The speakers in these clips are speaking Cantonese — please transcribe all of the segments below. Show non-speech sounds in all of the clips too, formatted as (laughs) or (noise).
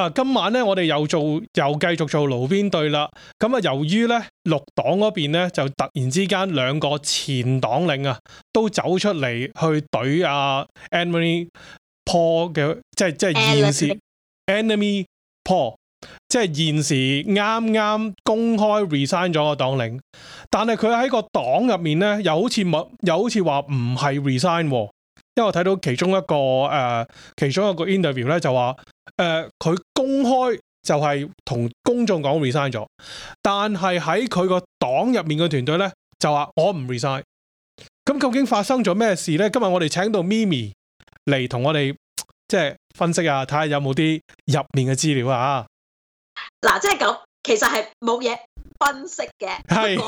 啊、今晚咧，我哋又做又繼續做爐邊對啦。咁啊，由於咧綠黨嗰邊咧，就突然之間兩個前黨領啊，都走出嚟去懟啊，Annaime Paul 嘅，即係即係現時 (laughs) Annaime Paul 即係現時啱啱公開 resign 咗個黨領，但係佢喺個黨入面咧，又好似冇，又好似話唔係 resign。因為我睇到其中一個誒、呃，其中一個 interview 咧就話誒，佢、呃、公開就係同公眾講 resign 咗，但係喺佢個黨入面嘅團隊咧就話我唔 resign。咁究竟發生咗咩事咧？今日我哋請到 Mimi 嚟同我哋即係分析下，睇下有冇啲入面嘅資料啊。嗱，即係咁，其實係冇嘢分析嘅。係，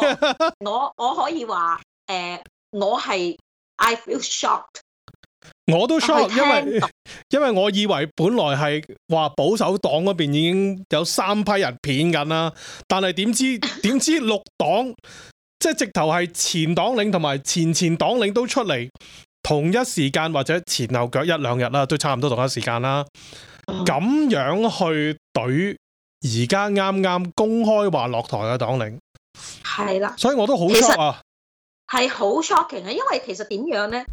(laughs) 我我可以話誒、呃，我係 I feel shocked。我都 shock，因為因為我以為本來係話保守黨嗰邊已經有三批人片緊啦，但係點知點知綠黨即係直頭係前黨領同埋前前黨領都出嚟同一時間或者前後腳一兩日啦，都差唔多同一時間啦，咁樣去懟而家啱啱公開話落台嘅黨領係啦，所以我都好 shock 啊，係好 shocking 啊，因為其實點樣呢？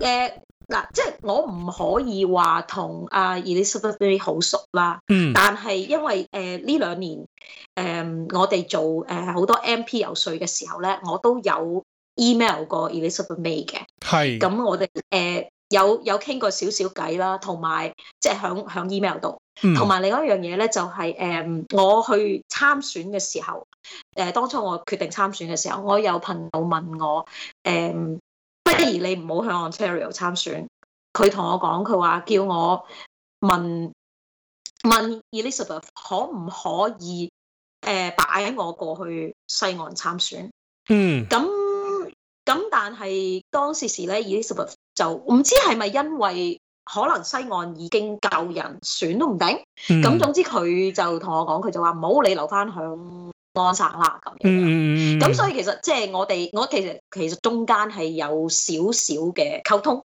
誒、呃。嗱，即係我唔可以話同阿 Elizabeth May 好熟啦，嗯，但係因為誒呢兩年誒、呃、我哋做誒好、呃、多 MP 遊說嘅時候咧，我都有 email 過 Elizabeth May 嘅，係，咁我哋誒、呃、有有傾過少少偈啦，同埋即係響響 email 度，同、嗯、埋另外一樣嘢咧就係、是、誒、呃、我去參選嘅時候，誒、呃、當初我決定參選嘅時候，我有朋友問我誒。呃不如你唔好向 Ontario 參選，佢同我講，佢話叫我問問 Elizabeth 可唔可以誒擺、呃、我過去西岸參選。嗯。咁咁但係當時時咧 Elizabeth 就唔知係咪因為可能西岸已經夠人選都唔定，咁、嗯、總之佢就同我講，佢就話唔好你留翻響。安生啦咁樣，咁所以其實即係我哋，我其實其實中間係有少少嘅溝通。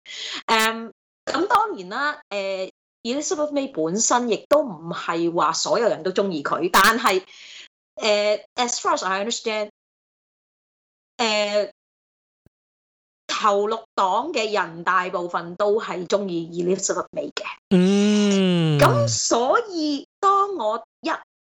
誒，咁當然啦，誒、uh, Elizabeth May 本身亦都唔係話所有人都中意佢，但係誒、uh,，As far as I understand，誒，頭六黨嘅人大部分都係中意 Elizabeth May 嘅。嗯。咁所以當我一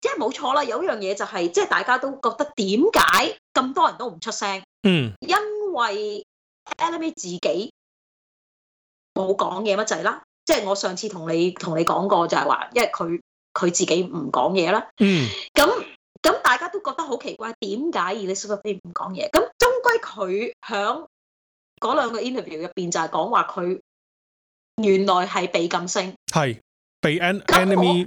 即係冇錯啦，有一樣嘢就係、是，即係大家都覺得點解咁多人都唔出聲？嗯，因為 Annaime 自己冇講嘢乜滯啦，即係我上次同你同你講過就係話，因為佢佢自己唔講嘢啦。嗯，咁咁大家都覺得好奇怪，點解 Elizabeth 唔講嘢？咁終歸佢響嗰兩個 interview 入邊就係講話佢原來係被禁聲，係被 An-Annaime。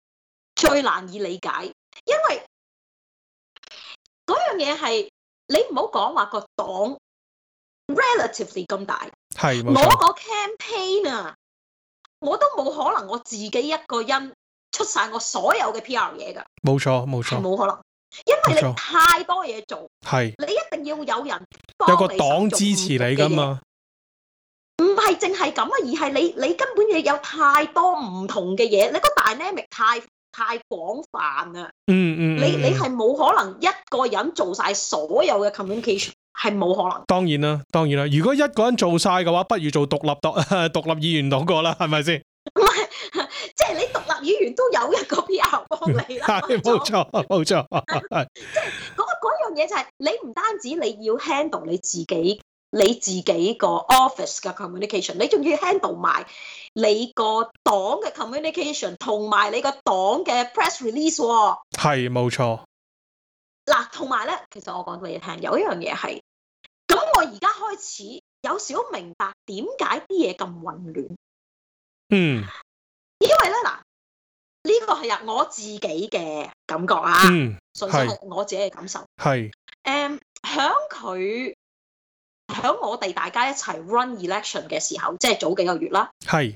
最難以理解，因為嗰樣嘢係你唔好講話個黨 relatively 咁大，係我、個 campaign 啊，我都冇可能我自己一個人出晒我所有嘅 P. R. 嘢噶，冇錯冇錯，冇可能，因為你太多嘢做，係你一定要有人幫你幫你有個黨支持你噶嘛，唔係淨係咁啊，而係你你根本嘢有太多唔同嘅嘢，你個 dynamic 太。太廣泛啦，嗯嗯，嗯，你你係冇可能一個人做晒所有嘅 communication 係冇可能。當然啦，當然啦，如果一個人做晒嘅話，不如做獨立黨、獨立議員嗰個啦，係咪先？唔係，即係你獨立議員都有一個 PR 幫你啦。係，冇 (laughs) 錯，冇錯。即係嗰嗰樣嘢就係你唔單止你要 handle 你自己你自己個 office 嘅 communication，你仲要 handle 埋你個。黨嘅 communication 同埋你個黨嘅 press release 喎。哦，係冇錯。嗱，同埋咧，其實我講俾你聽，有一樣嘢係，咁我而家開始有少明白點解啲嘢咁混亂。嗯，因為咧，嗱，呢個係入我自己嘅感覺啊，嗯，純粹係我自己嘅感受。係，誒，um，響佢響我哋大家一齊 run election 嘅時候，即係早幾個月啦。係。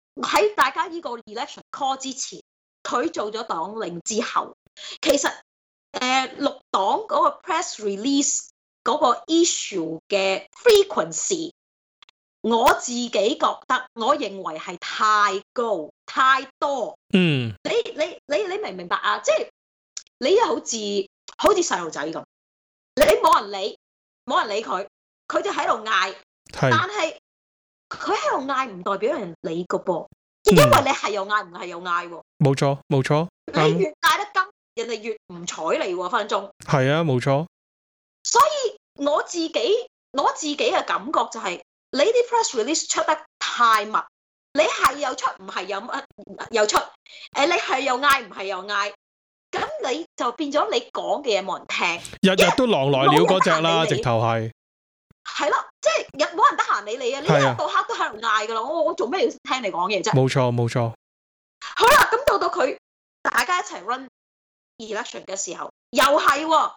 喺大家呢個 election call 之前，佢做咗黨魁之後，其實呃、綠黨嗰個 press release 嗰個 issue 嘅 frequency，我自己覺得，我認為係太高太多。嗯、mm.，你你你你明唔明白啊？即係你又好似好似細路仔咁，你冇人理，冇人理佢，佢就喺度嗌，但係，佢喺度嗌唔代表人理個噃。因為你係又嗌，唔係又嗌，冇錯冇錯。你越嗌得緊，人哋越唔睬你喎。分鐘係啊，冇錯。所以我自己我自己嘅感覺就係你啲 press release 出得太密，你係又出，唔係又乜又出，誒，你係又嗌，唔係又嗌，咁你就變咗你講嘅嘢，冇人聽，日日都狼來了嗰隻啦，直頭係。係咯，即係冇人得閒理你啊！呢一日到黑都喺度嗌噶啦，我我做咩要聽你講嘢啫？冇錯冇錯。好啦，咁到到佢大家一齊 run election 嘅時候，又係、哦、哇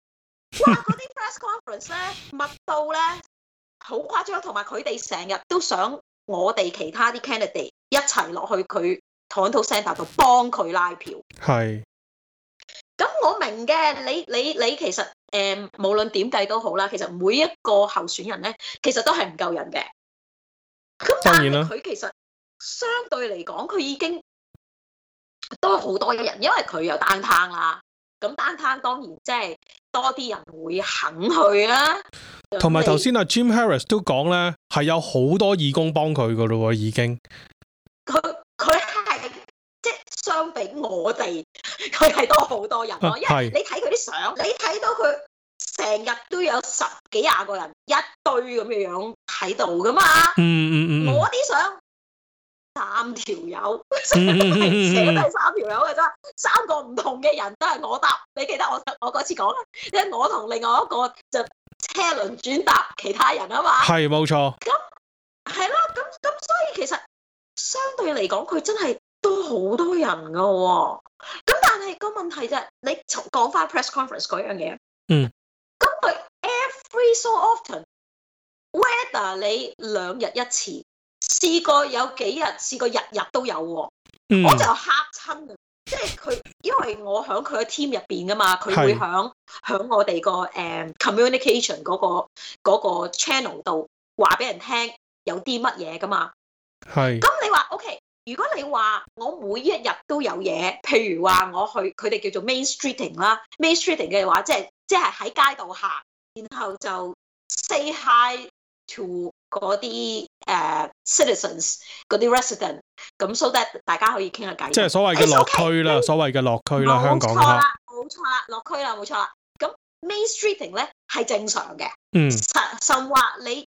嗰啲 press conference 咧， (laughs) 密到咧好誇張，同埋佢哋成日都想我哋其他啲 candidate 一齊落去佢 Toronto Centre 度幫佢拉票。係。好明嘅，你你你其實誒、嗯，無論點計都好啦。其實每一個候選人咧，其實都係唔夠人嘅。咁當然啦。佢其實相對嚟講，佢已經多好多嘅人，因為佢又單攤啦、啊。咁單攤當然即係多啲人會肯去啦、啊。同埋頭先阿 Jim Harris 都講咧，係有好多義工幫佢噶咯喎，已經。相比我哋，佢係多好多人咯、啊，因為你睇佢啲相，你睇到佢成日都有十幾廿個人一堆咁嘅樣喺度噶嘛。嗯嗯嗯。我啲相三條友，成日都係寫都係三條友嘅啫，三個唔同嘅人都係、嗯嗯嗯、我搭。你記得我我嗰次講啦，即係我同另外一個就車輪轉搭其他人啊嘛。係冇錯。咁係咯，咁咁所以其實相對嚟講，佢真係。都好多人噶喎，哦，咁但係個問題就係、是，你講翻 press conference 嗰樣嘢，嗯，咁佢 every so often whether 你兩日一次，試過有幾日試過日日都有喎，哦嗯，我就嚇親，即係佢因為我喺佢嘅 team 入邊噶嘛，佢會響響我哋，個誒 communication 嗰個嗰個 channel 度話俾人聽有啲乜嘢噶嘛，係，咁你話 OK？如果你話我每一日都有嘢，譬如話我去佢哋叫做 main streeting e 啦，main streeting e 嘅話即係即係喺街度行，然後就 say hi to 嗰啲誒 citizens 嗰啲 resident，咁 so that 大家可以傾下偈，即係所謂嘅落區啦，okay. 所謂嘅落區啦，香港啦，冇錯啦，冇落區啦，冇錯啦，咁 main streeting 咧係正常嘅，嗯，實實話你。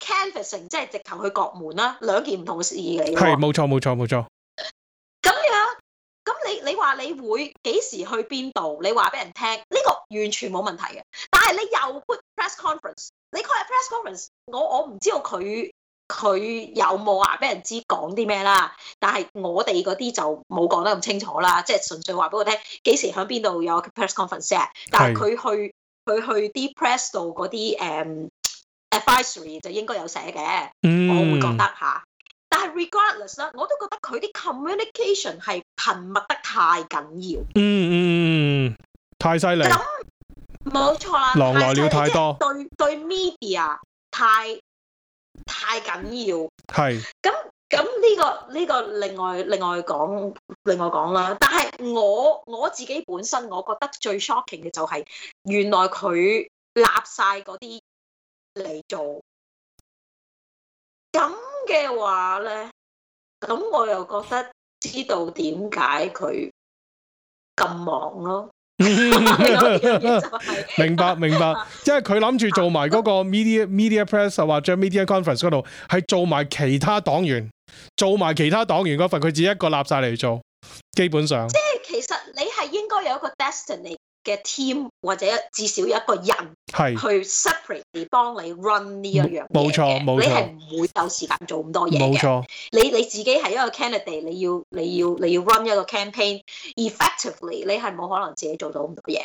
canvassing 即係直頭去國門啦，兩件唔同嘅事嚟㗎。係冇錯冇錯冇錯。咁樣咁你你話你會幾時去邊度？你話俾人聽，呢個完全冇問題嘅。但係你又開 press conference，你開係 press conference，我我唔知道佢佢有冇話俾人知講啲咩啦。但係我哋嗰啲就冇講得咁清楚啦，即係純粹話俾我聽幾時喺邊度有 press conference 啊？但係佢去佢去啲 press 度嗰啲誒。嗯就應該有寫嘅，嗯，我會覺得嚇。但係 regardless 啦，我都覺得佢啲 communication 係頻密得太緊要。嗯嗯嗯，太犀利。咁冇錯啦，啊，狼來了太多，對對 media 太太緊要。係。咁咁呢個呢，呢個另外另外講另外講啦。但係我我自己本身，我覺得最 shocking 嘅就係原來佢立晒嗰啲。嚟做咁嘅話咧，咁我又覺得知道點解佢咁忙咯、啊。 (laughs) (laughs) (laughs) (laughs) 明白明白， (laughs) 即係佢諗住做埋嗰個 media (laughs) media press 啊，或者 media conference 嗰度，係做埋其他黨員，做埋其他黨員嗰份，佢自己一個立晒嚟做，基本上。即係其實你係應該有一個 destiny 嘅 team 或者至少有一個人係去 separate 幫你 run 呢一樣。冇錯，冇錯，你係唔會有時間做咁多嘢，冇錯，你你自己係一個 candidate，你要你要你要 run 一個 campaign，effectively 你係冇可能自己做到咁多嘢，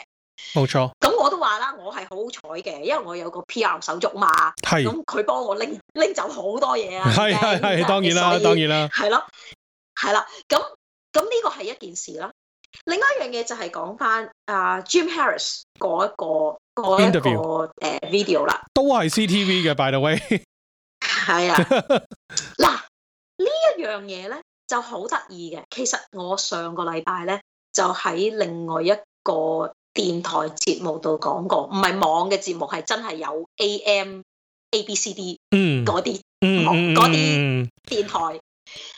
冇錯，咁我都話啦，我係好彩嘅，因為我有個 P. R. 手足嘛。係，咁佢幫我拎拎走好多嘢啊，係係係，當然啦當然啦，係咯係啦，咁咁呢個係一件事啦。另外一樣嘢就係講翻阿 Jim Harris 嗰一個一個誒、uh, video 啦，都係 CTV 嘅，by the way，係啊。嗱呢一樣嘢咧就好得意嘅，其實我上個禮拜咧就喺另外一個電台節目度講過，唔係網嘅節目，係真係有 AM ABCD、ABC、D 嗯嗰啲嗯啲電台。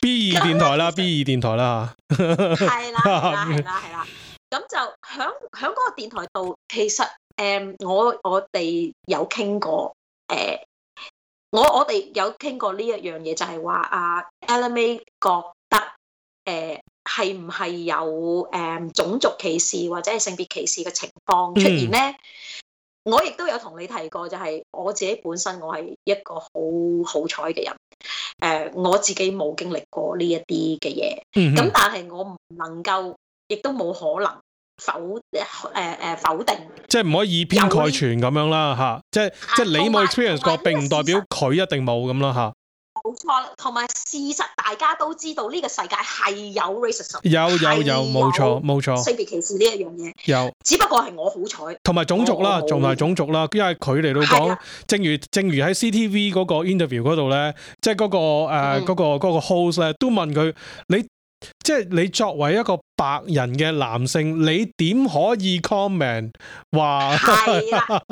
B 二電台啦，B 二電台啦，係啦、啊，係 (laughs) 啦、啊，係啦、啊。咁、啊啊、就響響嗰個電台度，其實誒、um,，我、uh, 我哋有傾過誒，我我哋有傾過呢一樣嘢，就係話阿 Elizabeth May 覺得誒係唔係有誒、um, 種族歧視或者係性別歧視嘅情況出現咧、嗯？我亦都有同你提過，就係、是、我自己本身我係一個好好彩嘅人。誒、uh,，我自己冇經歷過呢一啲嘅嘢，咁、嗯、但係我唔能夠，亦都冇可能否誒誒、呃、否定，即係唔可以以偏概全咁樣啦吓，即係、啊、即係你冇 experience 過，並唔代表佢一定冇咁啦吓。冇錯啦，同埋事實大家都知道呢個世界係有 racism 有有有冇錯冇錯，性別歧視呢一樣嘢有，只不過係我好彩。同埋種族啦，仲係種族啦，因為佢嚟到講，正如正如喺 CTV 嗰個 interview 嗰度咧，即係嗰個誒嗰、呃嗯那個個 host 咧，都問佢你即係、就是、你作為一個白人嘅男性，你點可以 comment 話？係啦，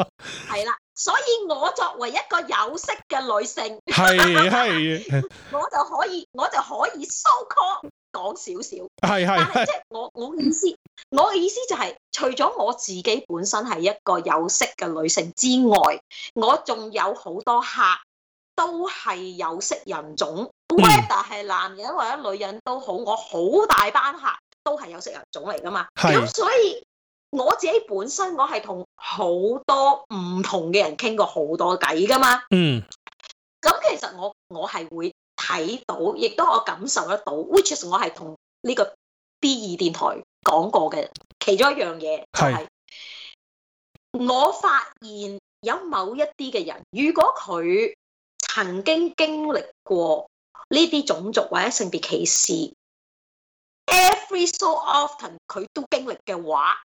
係 (laughs) 啦。所以我作為一個有色嘅女性，係係 (laughs) ，我就可以我就可以 so call 講少少，係係。但係即係我我嘅意思，我嘅意思就係、是，除咗我自己本身係一個有色嘅女性之外，我仲有好多客都係有色人種，whether 係男人或者女人都好，我好大班客都係有色人種嚟噶嘛，咁所以。我自己本身，我係同好多唔同嘅人傾過好多偈㗎嘛。嗯。咁其實我我係會睇到，亦都我感受得到，which is 我係同呢個 B 二電台講過嘅其中一樣嘢係我發現有某一啲嘅人，如果佢曾經經歷過呢啲種族或者性別歧視，every so often 佢都經歷嘅話。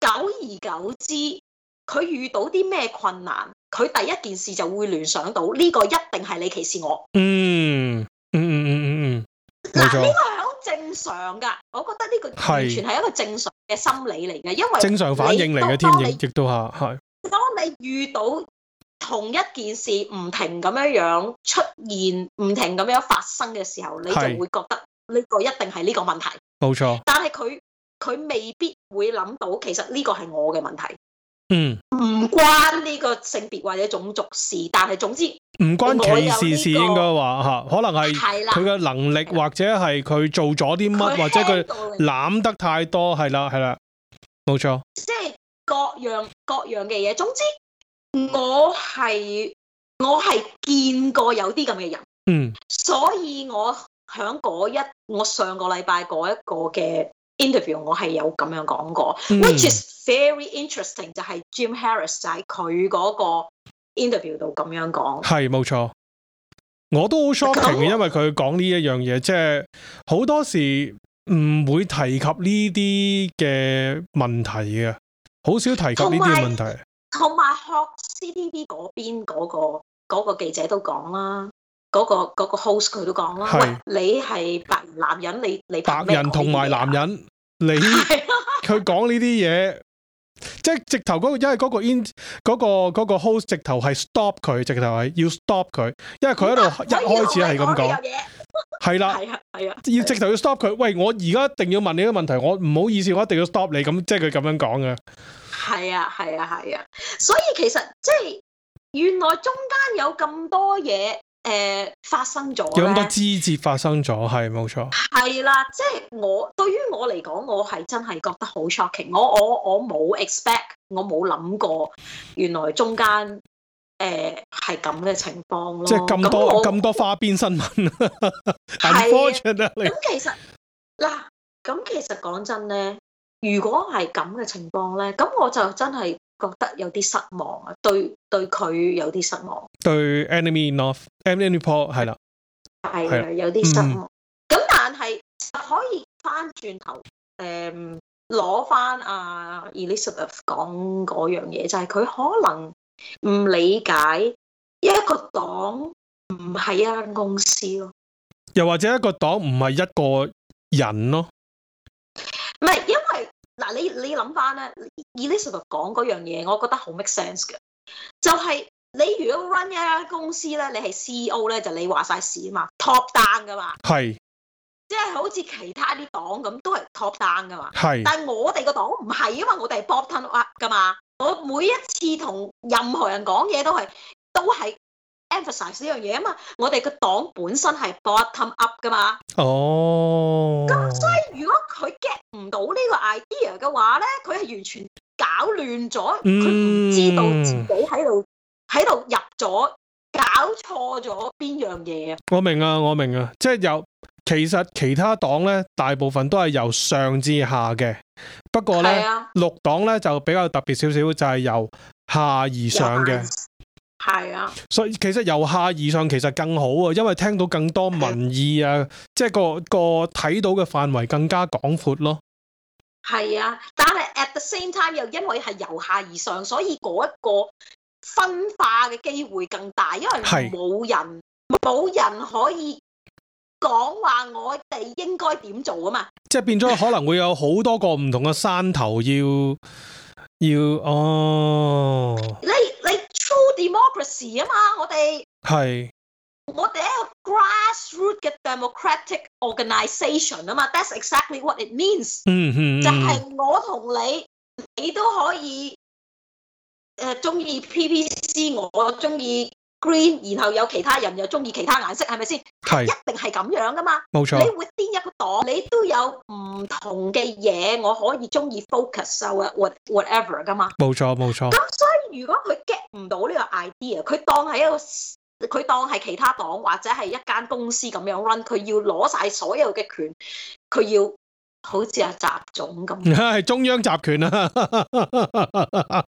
久而久之，佢遇到啲咩困難，佢第一件事就會聯想到呢個一定係你歧視我。嗯嗯嗯嗯嗯，嗱、嗯、呢、嗯嗯嗯嗯、呢個係好正常噶，我覺得呢個完全係一個正常嘅心理嚟嘅，因為你你正常反應嚟嘅，天性亦都係係。當你遇到同一件事唔停咁樣樣出現，唔停咁樣發生嘅時候，你就會覺得呢個一定係呢個問題。冇錯，但係佢。佢未必會諗到，其實呢個係我嘅問題。嗯，唔關呢個性別或者種族事，但係總之唔關歧視事，這個，應該話吓，可能係佢嘅能力或者係佢做咗啲乜，或者佢攬得太多，係啦係啦，冇錯。即係、就是、各樣各樣嘅嘢，總之我係我係見過有啲咁嘅人。嗯，所以我喺嗰一我上個禮拜嗰一個嘅 interview 我係有咁樣講過，which is very interesting，就係 Jim Harris 就係佢嗰個 interview 度咁樣講，係冇錯，我都好 shocking，因為佢講呢一樣嘢，即係好多時唔會提及呢啲嘅問題嘅，好少提及呢啲問題。同埋學 CTV 嗰邊嗰個嗰個記者都講啦，嗰個嗰個 host 佢都講啦，喂，你係白男人，你你白人同埋男人。你佢講呢啲嘢，即係、啊就是、直頭、那、嗰個，因為嗰個 in 嗰、那個嗰、那個 host 直頭係 stop 佢，直頭係要 stop 佢，因為佢喺度一開始係咁講，係啦，係 (laughs) 啊，要、啊啊、直頭要 stop 佢。喂，我而家一定要問你一個問題，我唔好意思，我一定要 stop 你，咁即係佢咁樣講嘅。係啊，係啊，係啊，所以其實即係、就是、原來中間有咁多嘢。誒發生咗咧，有好多枝節發生咗，係冇錯。係啦，即係我對於我嚟講，我係真係覺得好 shocking。我我我冇 expect，我冇諗過，原來中間誒係咁嘅情況咯。即係咁多咁多花邊新聞，係咁 (laughs) Unfortunately，其實嗱，咁其實講真咧，如果係咁嘅情況咧，咁我就真係覺得有啲失望啊，對對佢有啲失望。對，Enemy North，Enemy Report 係啦，係啊，有啲失望。咁、嗯、但係可以翻轉頭，誒、嗯，攞翻啊 Elizabeth 講嗰樣嘢，就係、是、佢可能唔理解一個黨唔係一間公司咯，又或者一個黨唔係一個人咯。唔係，因為嗱，你你諗翻咧，Elizabeth 講嗰樣嘢，我覺得好 make sense 嘅，就係、是。你如果 run 一間公司咧，你係 C E O 咧，就你話晒事啊嘛，top down 噶嘛，係，即係好似其他啲黨咁，都係 top down 噶嘛，係。但係我哋個黨唔係因為，我哋係 bottom up 噶嘛，我每一次同任何人講嘢都係，都係 emphasize 呢樣嘢啊嘛，我哋個黨本身係 bottom up 噶嘛。哦。咁所以如果佢 get 唔到呢個 idea 嘅話咧，佢係完全搞亂咗，佢、嗯、唔知道自己喺度喺度入咗搞錯咗邊樣嘢啊！我明啊，我明啊，即係由其實其他黨咧，大部分都係由上至下嘅，不過咧、啊、六黨綠黨咧就比較特別少少，就係、係、由下而上嘅，係啊，啊。所以其實由下而上其實更好啊，因為聽到更多民意啊，啊即係個個睇到嘅範圍更加廣闊咯。係啊，但係 at the same time 又因為係由下而上，所以嗰、嗰、一個分化嘅機會更大，因為係冇人冇人可以講話我哋應該點做啊嘛，即係變咗可能會有好多個唔同嘅山頭要要哦。你你 true democracy 啊嘛，我哋係我哋一個 grassroot 嘅 democratic organization 啊嘛，that's exactly what it means 嗯。嗯嗯，就係、是、我同你，你都可以。誒中意 PPC，我中意 Green，然後有其他人又中意其他顏色，係咪先？係一定係咁樣噶嘛。冇錯，你會癲一個黨，你都有唔同嘅嘢，我可以中意 focus 喎，so whatever 噶嘛。冇錯冇錯。咁所以如果佢 get 唔到呢個 idea，佢當係一個，佢當係其他黨或者係一間公司咁樣 run，佢要攞晒所有嘅權，佢要。好似阿習總咁，係中央集權啊！咁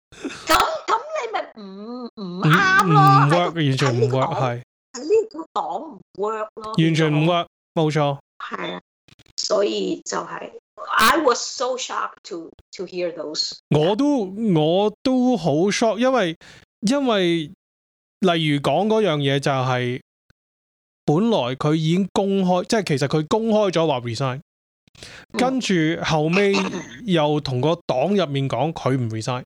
咁你咪唔，唔啱咯？唔 work，完全唔 work，係，呢個黨唔 work 咯，完全唔 work，冇錯。係啊，所以就係，I was so shocked to to hear those。我都我都好 shock，因為因為例如講嗰樣嘢就係，本來佢已經公開，即係其實佢公開咗話 resign。嗯、跟住後尾又同個黨入面講佢唔 resign。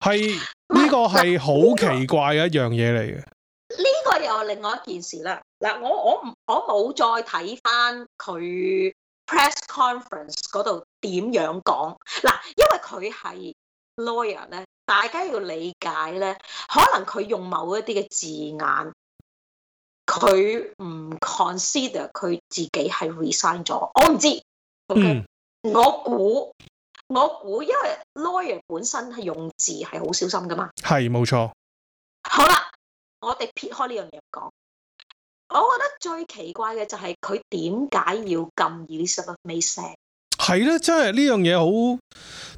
係呢個係好奇怪嘅一樣嘢嚟嘅。呢個又另外一件事啦。嗱，我我唔我冇再睇翻佢 press conference 嗰度點樣講嗱，因為佢係 lawyer 咧，大家要理解咧，可能佢用某一啲嘅字眼。佢唔 consider 佢自己係 resign 咗，我唔知。Okay? 嗯，我估我估，因為 lawyer 本身係用字係好小心㗎嘛。係冇錯。好啦，我哋撇開呢樣嘢講，我覺得最奇怪嘅就係佢點解要咁 Elizabeth May say 係咧，真係呢樣嘢好，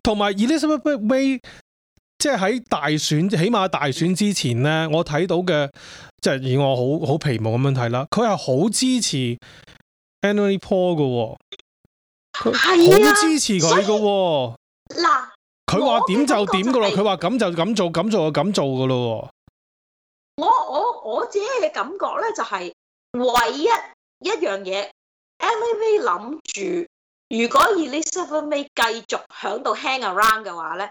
同埋 Elizabeth May。即係喺大選，起碼大選之前咧，我睇到嘅，即係以我好好皮毛咁樣睇啦，佢係好支持 Annaime Paul 嘅、哦，喎、啊，係好支持佢嘅、哦。嗱，佢話點就點㗎咯，佢話咁就咁做，咁做就咁做嘅咯、哦。我我我自己嘅感覺咧、就是，就係唯一一樣嘢，M V V 諗住，如果 Elizabeth May 繼續喺度 hang around 嘅話咧。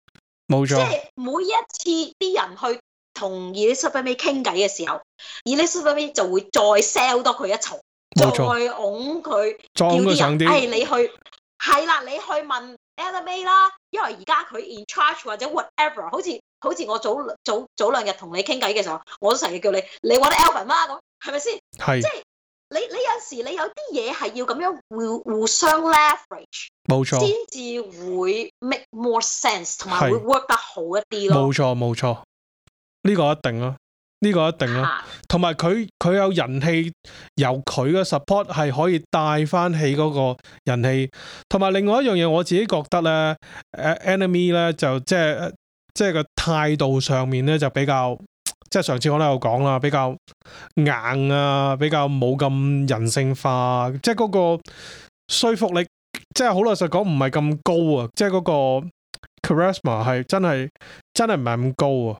即係、就是、每一次啲人去同 Elizabeth May 傾偈嘅時候，Elizabeth May 就會再 sell 多佢一層，再拱佢。叫啲人。係、哎哎、你去，係 (laughs) 啦，你去問 Annaime 啦，因為而家佢 in charge 或者 whatever，好似好似我早早早兩日同你傾偈嘅時候，我都成日叫你，你揾 Elvin 嗎？咁係咪先？係。即、就、係、是、你你有時你有啲嘢係要咁樣互互相 l 冇錯，先至會 make more sense，同埋會 work 得好一啲咯。冇錯冇錯，呢個一定啦，呢個一定啦。同埋佢佢有人氣，由佢嘅 support 係可以帶翻起嗰個人氣。同埋另外一樣嘢，我自己覺得咧，誒 enemy 咧就即係即係個態度上面咧就比較，即係上次我都有講啦，比較硬啊，比較冇咁人性化，即係嗰個說服力。即係好老實講，唔係咁高啊！即係嗰個 charisma 係真係真係唔係咁高啊！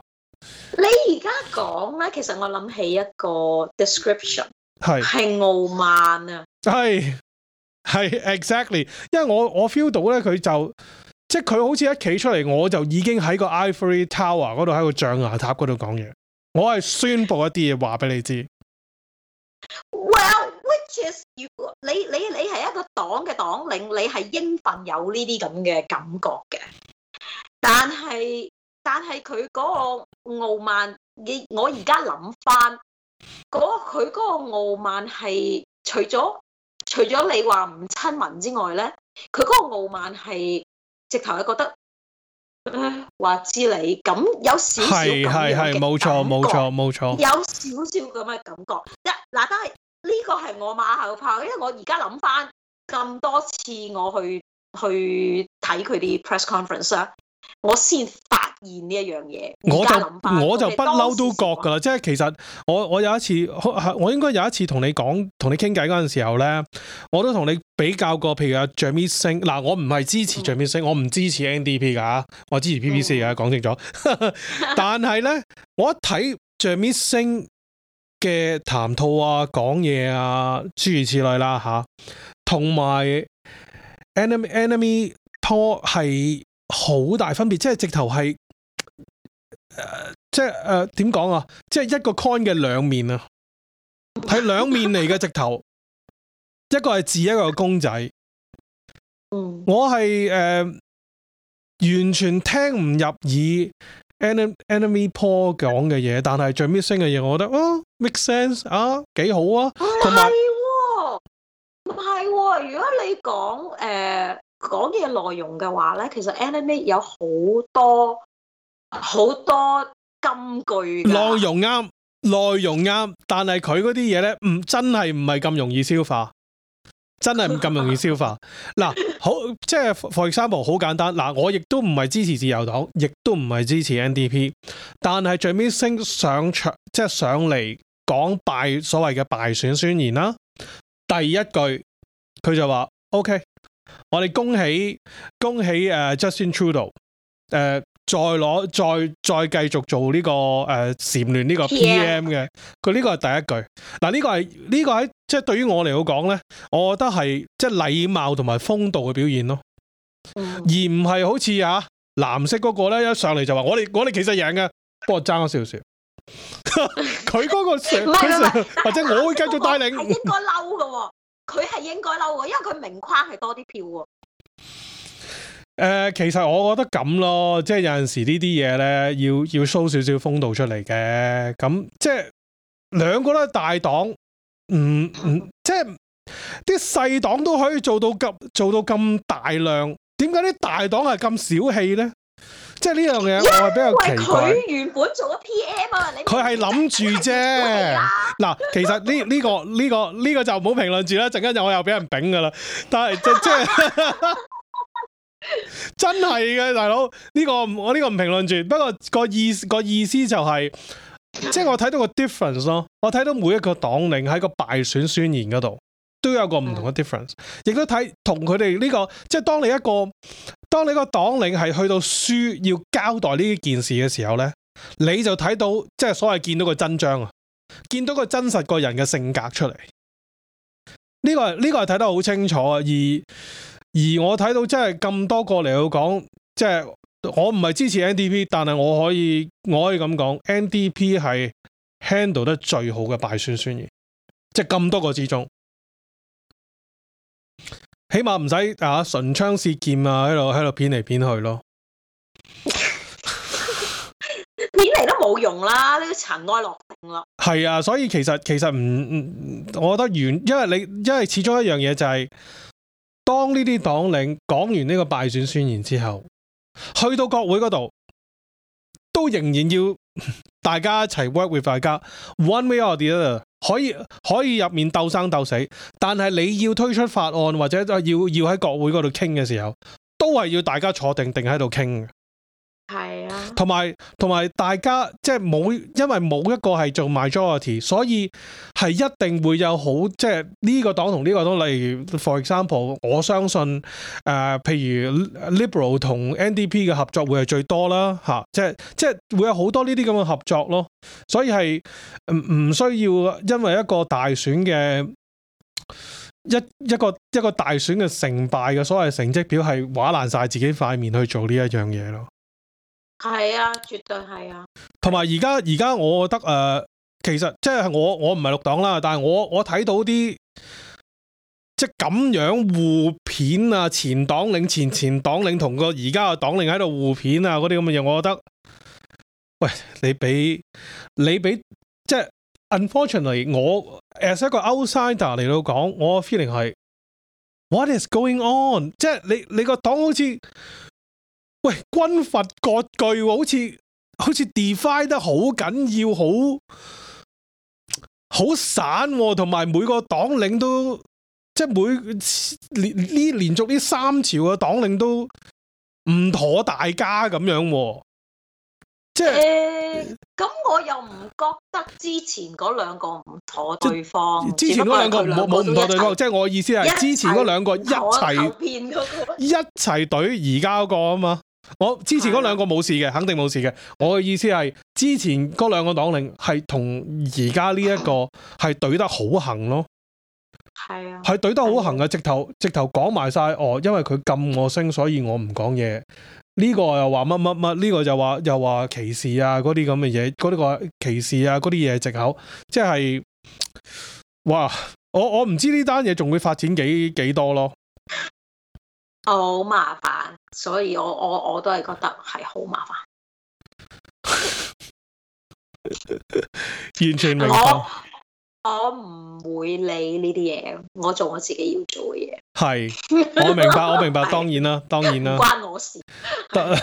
你而家講咧，其實我諗起一個 description 係係傲慢啊！係係 exactly，因為我我 feel 到咧，佢就即係佢好似一企出嚟，我就已經喺個 Ivory Tower 嗰度，喺個象牙塔嗰度講嘢，我係宣布一啲嘢話俾你知。Well, 你你你係一個黨嘅黨領，你係應份有呢啲咁嘅感覺嘅。但係但係佢嗰個傲慢，你我而家諗翻嗰佢嗰個傲慢係，除咗除咗你話唔親民之外咧，佢嗰個傲慢係直頭係覺得，誒，話知你咁有少少咁樣嘅感覺，係，係，係，冇錯，冇錯，冇錯，有少少咁嘅感覺。一嗱，但係。呢個係我馬後炮，因為我而家諗翻咁多次我去去睇佢啲 press conference 啊，我先發現呢一樣嘢。我就諗返我就不嬲都覺噶啦，即係其實我我有一次我應該有一次同你講同你傾偈嗰陣時候咧，我都同你比較過，譬如阿 Jagmeet Singh 嗱，我唔係支持 Jagmeet Singh，、嗯、我唔支持 NDP 噶，我支持 PPC 噶，講清楚。 (laughs) 但係咧，我一睇 Jagmeet Singh。嘅談吐啊，講嘢啊，諸如此類啦、啊、吓，同、啊、埋 enemy enemy 拖係好大分別，即係直頭係，誒、呃，即係誒，點、呃、講啊？即係一個 coin 嘅兩面啊，係兩面嚟嘅直頭， (laughs) 一個係字，一個係公仔。我係誒、呃，完全聽唔入耳。Anim, Enemy Paul 講嘅嘢，但係最 missing 嘅嘢，我覺得、啊、make sense 啊，幾好啊。同埋唔係喎，唔係喎。如果你講誒講嘅內容嘅話咧，其實 Enemy 有好多好多金句內容啱，內容啱，但係佢嗰啲嘢咧，唔真係唔係咁容易消化。真係唔咁容易消化嗱、啊，好即係 for example 好簡單嗱、啊，我亦都唔係支持自由黨，亦都唔係支持 NDP，但係最尾升上場，即係上嚟講敗所謂嘅敗選宣言啦。第一句佢就話，OK，我哋恭喜恭喜誒、uh, Justin Trudeau 誒、uh,。再攞再再繼續做呢、這個誒蟬、呃、聯呢個 PM 嘅，佢、yeah. 呢個係第一句。嗱、啊、呢、這個係呢喺即對於我嚟講咧，我覺得係即、就是、禮貌同埋風度嘅表現咯，嗯、而唔係好似啊，藍色嗰個咧一上嚟就話我哋我哋其實贏嘅，不過爭咗少少。佢 (laughs) 嗰 (laughs) 個不是不是或者我會繼續帶領。係應該嬲嘅喎，佢係應該嬲喎，因為佢明誇係多啲票喎。誒、呃，其實我覺得咁咯，即係有陣時呢啲嘢咧，要要 show 少少風度出嚟嘅。咁即係兩個都係大黨，唔唔，即係啲細黨都可以做到咁做到咁大量，點解啲大黨係咁小氣咧？即係呢樣嘢，我係比較奇怪。因為佢原本做咗 P M 啊，你佢係諗住啫。嗱，其實呢呢個呢個呢個就唔好評論住啦。陣間又我又俾人抦噶啦。但係即係。 (laughs) (laughs) 真係嘅大佬，呢，這個我呢個唔評論住。不過個意思，那個意思就係、是，即、就、係、是、我睇到個 difference 咯。我睇到每一個黨領喺個敗選宣言嗰度都有個唔同嘅 difference，亦都睇同佢哋呢個，即、就、係、是、當你一個當你個黨領係去到輸要交代呢件事嘅時候呢，你就睇到即係、就是、所謂見到個真章啊，見到個真實個人嘅性格出嚟。呢，這個呢，這個係睇得好清楚，而而我睇到真係咁多個嚟去講，即係我唔係支持 NDP，但係我可以我可以咁講，NDP 係 handle 得最好嘅敗選宣言，即係咁多個之中，起碼唔使啊唇槍舌劍啊，喺度喺度片嚟片去咯， (laughs) (laughs) (laughs) 片嚟都冇用啦，呢塵埃落定咯。係啊，所以其實其實唔唔，我覺得原，因為你因為始終一樣嘢就係。當呢啲黨魁講完呢個敗選宣言之後，去到國會嗰度，都仍然要大家一齊 work with 大家，one way or the other，可以可以入面鬥生鬥死，但係你要推出法案或者要要喺國會嗰度傾嘅時候，都係要大家坐定定喺度傾。係啊，同埋同埋，大家即係冇，因為冇一個係做 majority，所以係一定會有好即係呢個黨同呢個黨，例如 for example，我相信誒、呃，譬如 liberal 同 NDP 嘅合作會係最多啦吓、啊，即係即係會有好多呢啲咁嘅合作咯，所以係唔需要因為一個大選嘅一一個一個大選嘅成敗嘅所謂成績表係畫爛晒自己塊面去做呢一樣嘢咯。係啊，絕對係啊。同埋而家，而家我覺得誒、呃，其實即係、就是、我我唔係綠黨啦，但係我我睇到啲即係咁樣互片啊，前黨領前前黨領同個而家嘅黨領喺度互片啊，嗰啲咁嘅嘢，我覺得喂，你俾你俾即係 unfortunately，我 as 一個 outsider 嚟到講，我 feeling 係 what is going on，即係你你個黨好似。喂，軍閥割據，好似好似 define 得好緊要，好好散，啊，同埋每個黨領都即係每連呢連續呢三朝嘅黨領都唔妥大家咁樣，啊，即係咁，欸，我又唔覺得之前嗰兩個唔妥對方，之前嗰兩個冇冇唔妥對方，即係、就是、我意思係之前嗰兩個一齊一齊懟而家嗰個啊嘛。我、哦、之前嗰兩個冇事嘅，肯定冇事嘅。我嘅意思係，之前嗰兩個黨領係同而家呢一個係懟得好行咯，係啊，係懟得好行嘅，直頭直頭講埋晒。哦，因為佢禁我聲，所以我唔講嘢。呢、這個又話乜乜乜，呢、這個又話又話歧視啊，嗰啲咁嘅嘢，嗰啲個歧視啊，嗰啲嘢藉口，即係哇，我我唔知呢單嘢仲會發展幾幾多咯。好麻煩，所以我我我都係覺得係好麻煩。 (laughs) 完全明白。我唔會理呢啲嘢，我做我自己要做嘅嘢。係，我明白，我明白， (laughs) 當然啦，當然啦，唔關我事得，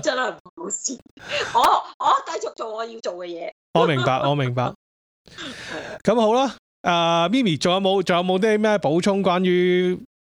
真係唔好事。 (laughs) 我我繼續做我要做嘅嘢。 (laughs) 我明白，我明白。咁好啦，誒，uh，Mimi，仲有冇，仲有冇啲咩補充？關於？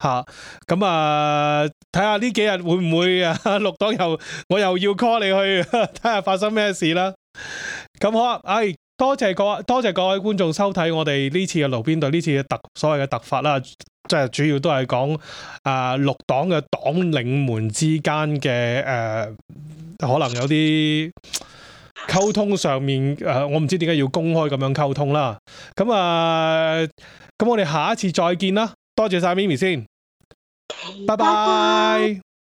吓咁啊！睇下呢幾日會唔會啊？綠黨又我又要 call 你去睇下發生咩事啦。咁好啊！哎，多謝各多謝各位觀眾收睇我哋呢次嘅爐邊對，呢次嘅特所謂嘅突發啦，即係主要都係講啊綠黨嘅黨領們之間嘅誒，可能有啲溝通上面誒、呃，我唔知點解要公開咁樣溝通啦。咁啊，咁、呃、我哋下一次再見啦。多謝晒 m i i 先，拜拜。